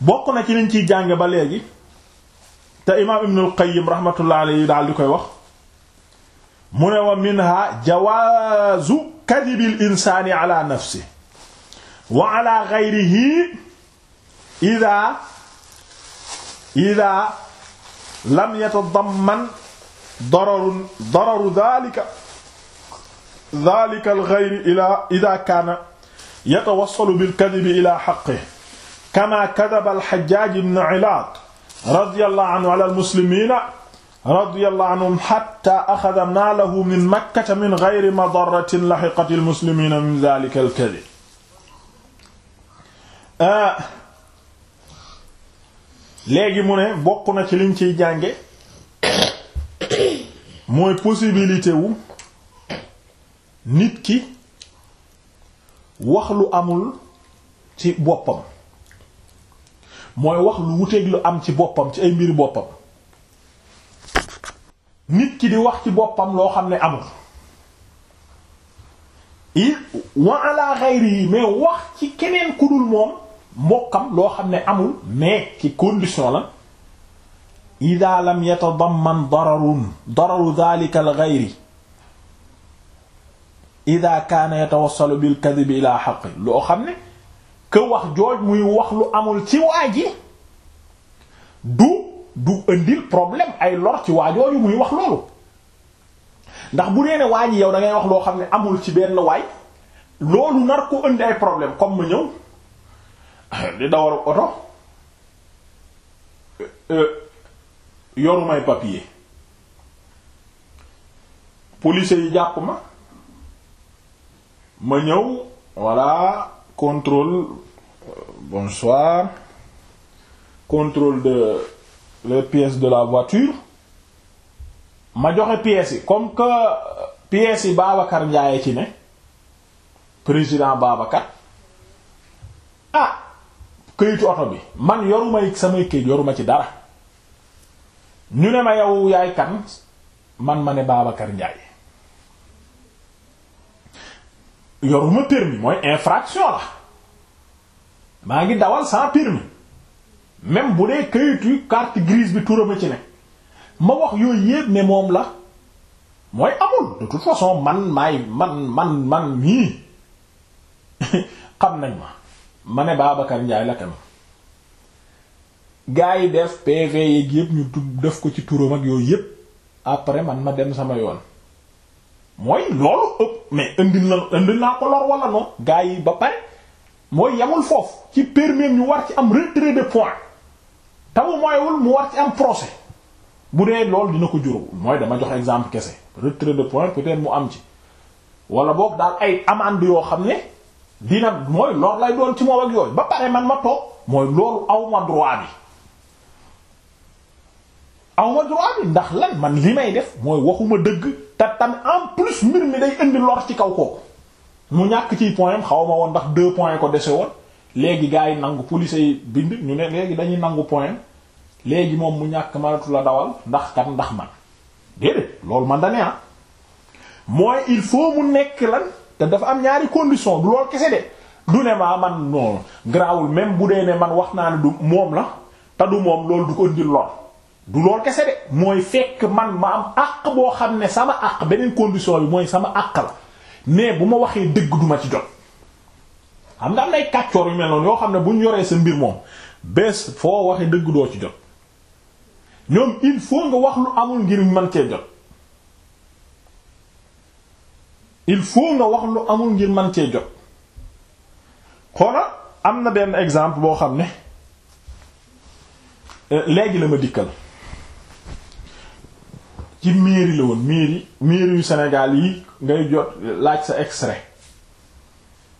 bokk na ci liñ ciy jànge ba léegi te imaam ibn al-Qayyim rahmatullah alayhi daal di koy wax mu ne wa minha jawaazu kadibil insaani ala nafsi wa ala ghayrihi ida ida lam yatadamman dararun dararu dhalika dhalika al-ghayri ila ida kaana yatawassalu bil kadibi ila haqqihi kama kadaba al-Hajjaj ibn Ilaat radiyallahu anhu ala al-muslimiina radiyallahu anhum hatta akhadha maalahu min Makkata min ghayri madarratin lahiqat al-muslimiina min dhaalika al-kadhib léegi mu ne bokk na ci liñ ciy jànge mooy possibilité wu nit ki wax lu amul ci boppam mooy wax lu wuteeg lu am ci boppam ci ay mbiri boppam nit ki di wax ci boppam loo xam ne amul i wa ala xayri mais wax ci keneen ku moom mbokkam loo xam ne amul mais ci condition la ida lam yatadamman dararun dararu dhalika al ghayri ida kaana yatawassalu bil kadhib ila haqqi loo xam ne que wax jooj muy wax lu amul ci waa ji du du indil problème ay lor ci waa jooju muy wax loolu ndax bu dee ne waa ji yow da wax loo xam ne amul ci benn waay loolu nar ko indi ay problème comme ma ñëw di dawal oto euh, euh, yorumay papier police yi jàpp ma ma ñëw contrôle euh, bonsoir contrôle de les pièces de la voiture ma joxe pièces yi comme que euh, pièces yi Babacar Ndiaye ci ne président Babacar ah këyitu oto bi man yoruma yi samay këyit yoruma ci dara ñu ne ma yow yaay kan man ma ne Babacar Ndiaye yoruma permis mooy infraction la maa ngi dawal sans permis même bu dee kayitu carte grise bi turama ci ne ma wax yooyu yépp ne moom la mooy amul de toute façon man maay man man man mii xam nañ ma ma ne Babacar Ndiaye la tamit gars yi def PV yeeg yépp ñu def ko ci turam ak yooyu yépp après man ma dem sama yoon mooy loolu mais indi na indi naa ko lor wala non gaa yi ba pare mooy yamul foofu ci permis ñu war ci am retrait de points tamu mooywul mu war ci am procès bu dee loolu dina ko juróom mooy dama jox exemple kese retrait de points peut-être mu am ci wala boog daal ay amende yoo xam ne dina mooy loolu lay doon ci moom ak yooyu ba pare man ma toog mooy loolu awma droit bi awma droit bi ndax lan man li may def mooy waxuma dëgg te tam en plus mbir mi day indi lor ci kaw kooku mu ñàkk ciy point am xaw ma woon ndax deux point ko dese woon léegi gars yi nangu police yi bind ñu ne léegi dañuy nangu point léegi moom mu ñàkk mënatu la dawal ndax kat ndax man déedéet loolu man da ne ah. mooy il faut mu nekk lan te dafa am ñaari condition du lool kese de du ne maa man non grawul même bu dee ne man wax naa ne du moom la te du moom loolu du ko indil lor. du lool kese de mooy fekk man ma am àq boo xam ne sama àq beneen condition bi mooy sama àq la mais bu ma waxee dëgg duma ci jot xam nga am nay kàccoor yu mel noonu yoo xam ne bu ñu yoree sa mbir moom bés foo waxee dëgg doo ci jot ñoom il faut nga wax lu amul ngir mën cee jot il faut nga wax lu amul ngir mën cee jot xoolal am na benn exemple boo xam ne euh, léegi la ma dikkal ci mairie la woon mairie mairie yu Sénégal yi ngay jot laaj sa extrait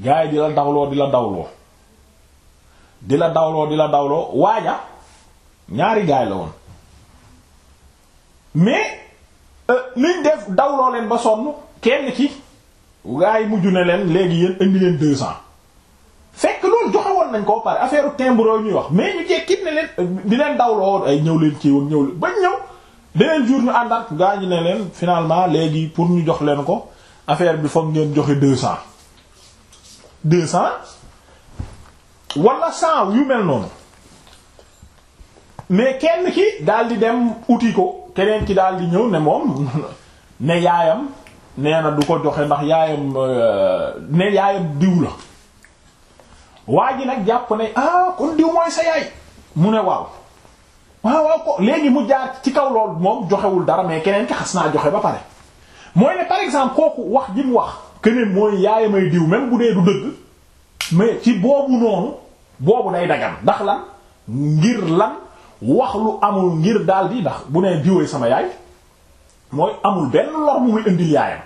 gars yi di la dawloo di la dawloo di la dawloo di la dawloo waaja ñaari gaay la woon mais euh, liñ def dawloo leen ba sonn kenn ki gaay yi mujj na leen léegi yéen indi leen deux cents fekk loolu joxe woon nañ koo pare affaire timbre ñuy wax mais ñu jekkit ne leen di leen dawloo ay ñëw leen ci woon ñëw leen ba ñëw beneen jour ñu àndaat gaa ñi ne leen finalement léegi pour ñu jox leen ko affaire bi foog ngeen joxe deux cent deux cent wala yu mel noonu mais kenn ki daal di dem uti ko keneen ki daal di ñëw ne moom ne yaayam nee na du ko joxe ndax yaayam euh, ne yaayam diw la waa ji nag jàpp ne ah kon diw mooy sa yaay mu ne waaw waaw waaw ko léegi mu jaar ci kaw loolu moom joxewul dara mais keneen ki xas naa joxe ba pare mooy ne par exemple kooku wax ji wax que ne mooy yaay may diw même bu dee du dëgg mais ci boobu noonu boobu nay dagan ndax lan ngir lan wax lu amul ngir daal di ndax bu ne diwee sama yaay mooy amul benn lor mu muy indil yaayam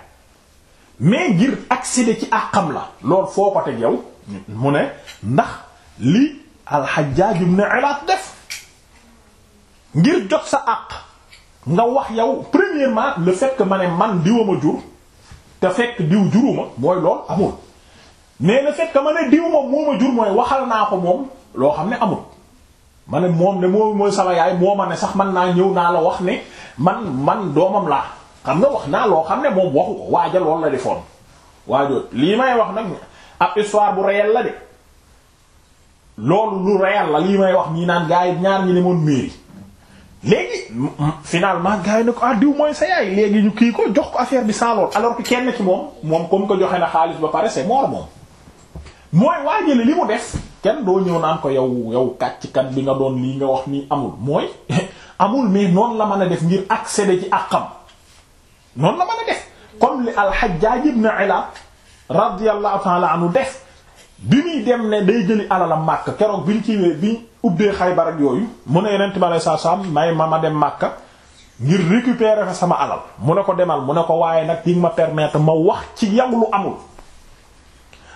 mais ngir accéder ci àqam la loolu foo ko teg yow mu ne ndax li al Hajjaj ibn def ngir jot sa àq nga wax yow premièrement le fekk ma ne man diwa ma jur te fekk diw juruma mooy lool amul mais le fait ma ne diw moom moo ma jur mooy waxal naa ko moom loo xam ne amul ma ne moom ne moom mooy sama yaay moo ma ne sax man naa ñëw naa la wax ne man man doomam laa xam nga wax naa loo xam ne moom waxu ko waaja loolu la defoon waajoot lii may wax nag ab histoire bu réel la de loolu lu réel la lii may wax ñii naan gars ñaar ñi ne moon mairie léegi finalement gars yi ne ko ah diw mooy sa yaay léegi ñu kii ko jox ko affaire bi sans lool alors kenn ci moom moom comme ko joxe na xaalis ba pare c'est mort moom mooy waajale li mu def kenn doo ñëw naan ko yow yow kàcckat bi nga doon lii nga wax nii amul mooy amul mais noonu la man a def ngir accéder ci àqam noonu la mën a def comme li al-Hajjaj ibn Ila radiyallahu ta'ala def bi muy dem ne day jëli alalam Makka keroog biñ ci biñ ubbee Xaybar ak yooyu mu ne ma bi alayhi salaam may ma ma dem màkk ngir récupérer fa sama alal mu ne ko demal mu ne ko waaye nag di ma permettre ma wax ci yow lu amul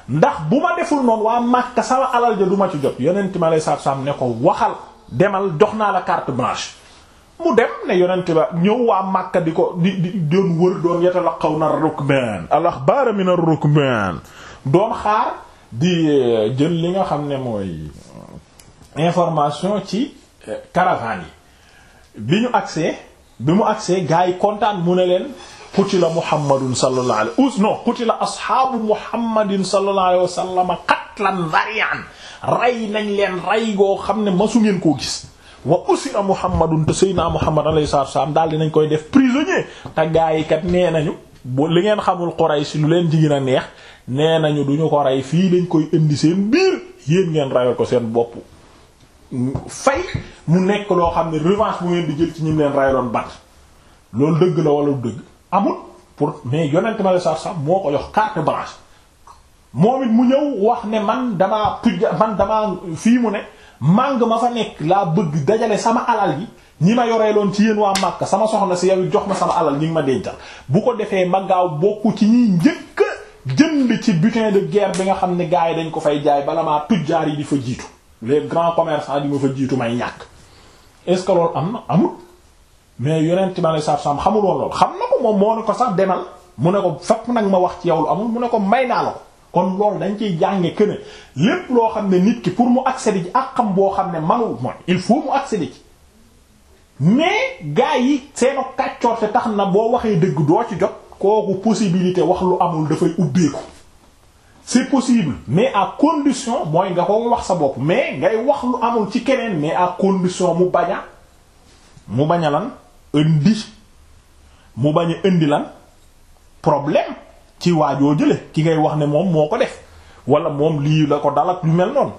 ndax bu ma deful noonu waa Makka sama alal du ma ci jot yonent bi alayhi salaam ne ko waxal demal jox naa la carte blanche mu dem ne yonent ba ñëw waa Makka di ko di di doon wër doon yatalaqawna ar-rukbaan al-axbaar min ar-rukbaan doon xaar di eh, jël li nga xam ne mooy information ci euh, caravane yi bi ñu agsee bi mu agsee gars yi kontaan mu ne leen qutila muhammadun sallallahu alayhi us non qutila ashaabu muhammadin sallallahu alayhi wa lan qatlan varian rey nañ leen rey goo xam ne masu ngeen koo gis wa usira muhammadun te seydina muhammad alayhi salaatu wasallam daal dinañ koy def prisonnier te gaa yi kat nee nañu bu li ngeen xamul si lu leen jigéen a neex nee nañu duñu ko rey fii dañ koy indi seen biir yéen ngeen reyal seen bopp fay mu nekk loo xam ne revanche bu ngeen di jël ci ñim leen rayloon bat loolu dëgg la wala dëgg amul pour mais yonent ma la sar sax moo ko yox carte blanche moom it mu ñëw wax ne man damaa pujja man damaa fii mu ne màng ma fa nekk laa bëgg dajale sama alal yi ñi ma yoree loon ci yéen waa màkk sama soxla si yow jox ma sama alal ñi ma dencal bu ko defee ma gaaw bokku ci ñiy njëkk jënd ci butin de guerre bi nga xam ne gars yi dañ ko fay jaay bala maa tujjaar yi fa jiitu les grands commerçants di ma fa jiitu may ñàkk est-ce que loolu am na amul mais yonent ma ne saaf saam loolu xam na moom moo ne ko sax demal mu ne ko fekk nag ma wax ci yow lu amul mu ne ko may naa la ko kon loolu dañ ciy jànge que ne lépp loo xam ne nit ki pour mu accéder ci xam boo xam ne manul mooy il faut mu accéder ci mais gars yi seeno kàccoor te tax na boo waxee dëgg doo ci jot kooku possibilité wax lu amul dafay ubbeeku c'est possible mais ak condition mooy nga ko wax sa bopp mais ngay wax lu amul ci keneen mais ak condition mu baña a mu bañ a lan indi mu bañ indi lan problème ci waajoo jële ki ngay wax ne moom moo ko def wala moom lii la ko dal ak lu mel noonu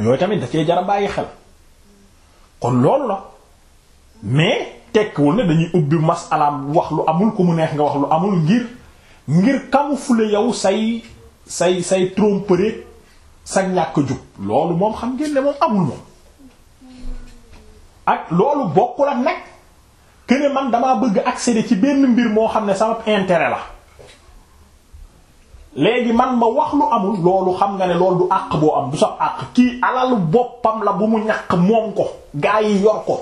yooyu tamit da cee jara bàyyi xel kon loolu la mais tekkiwul ne dañuy ubbi masalaam wax lu amul ku mu neex nga wax lu amul ngir ngir camoufler yow say say say tromperie sa ñàkk jub loolu moom xam ngeen ne moom amul moom ak loolu bokkul ak nag que ne man damaa bëgg accéder ci benn mbir moo xam ne sama intérêt la léegi man ma wax lu amul loolu xam nga ne loolu du àq boo am du sax àq kii alalu boppam la bu mu ñàkk moom ko gaa yi yor ko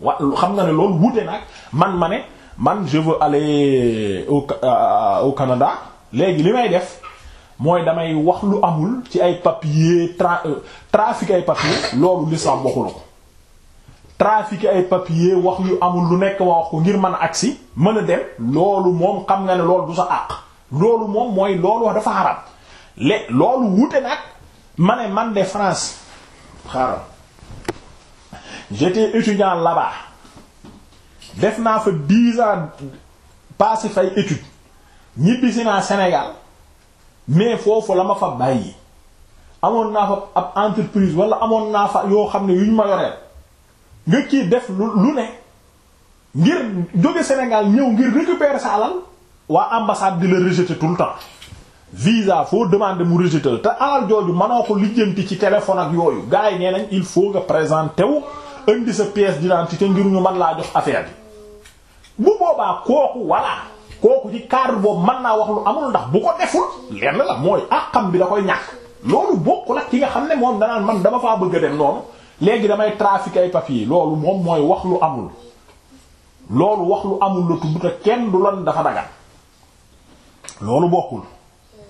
wa xam nga ne loolu wute nag man ma ne man je veux aller au euh, Canada léegi li may def mooy damay wax lu amul ci ay papier tra euh, trafic ay papier loolu l'islam waxu la ko trafic ay papier wax yu amul lu nekk ma wax ko ngir mën a agsi mën a dem loolu moom xam nga ne loolu du sa àq loolu moom mooy loolu wax dafa xaram le loolu wute nag ma ne man de France xaaral j'étais étudiant là def naa fa dix ans passé fay étude ñibbisi naa Sénégal mais foofu la ma fa bàyyi amoon naa fa ab entreprise wala amoon naa fa yoo xam ne yu ñu ma yoreel nga kii def lu ne ngir jóge Sénégal ñëw ngir récupérer sa alal waa ambassade di la rejeter tout le temps visa foo demande mu rejeter la te alal jooju mënoo ko lijjanti ci téléphone ak yooyu gars yi nee nañ il faut nga présenter wu indi sa pièce d'identité ngir ñu man laa jox affaire bi bu boobaa kooku voilà. kooku ci kaar boobu mën naa wax lu amul ndax bu ko deful lenn la mooy àqam bi da koy ñàkk loolu bokk la ki nga xam ne moom danaan man dama faa bëgg a dem noonu léegi damay trafic ay papier loolu moom mooy wax lu amul loolu wax lu amul la tudd te kenn du lan dafa dagan loolu bokkul